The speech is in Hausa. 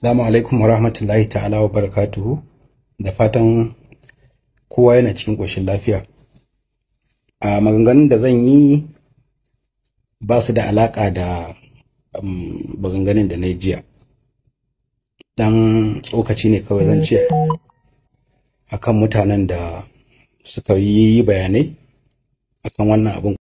Salamu alaikum wa rahmatullahi ta'ala wa barakatuhu da fatan kowa yana cikin ƙoshin lafiya. A maganganun da zan yi ba su da alaƙa da um, maganganun da na yi jiya. Dan tsokaci ne kawai zan ce akan mutanen da suka yi bayanai akan wannan abin